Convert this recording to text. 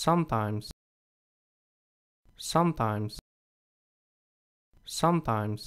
sometimes sometimes sometimes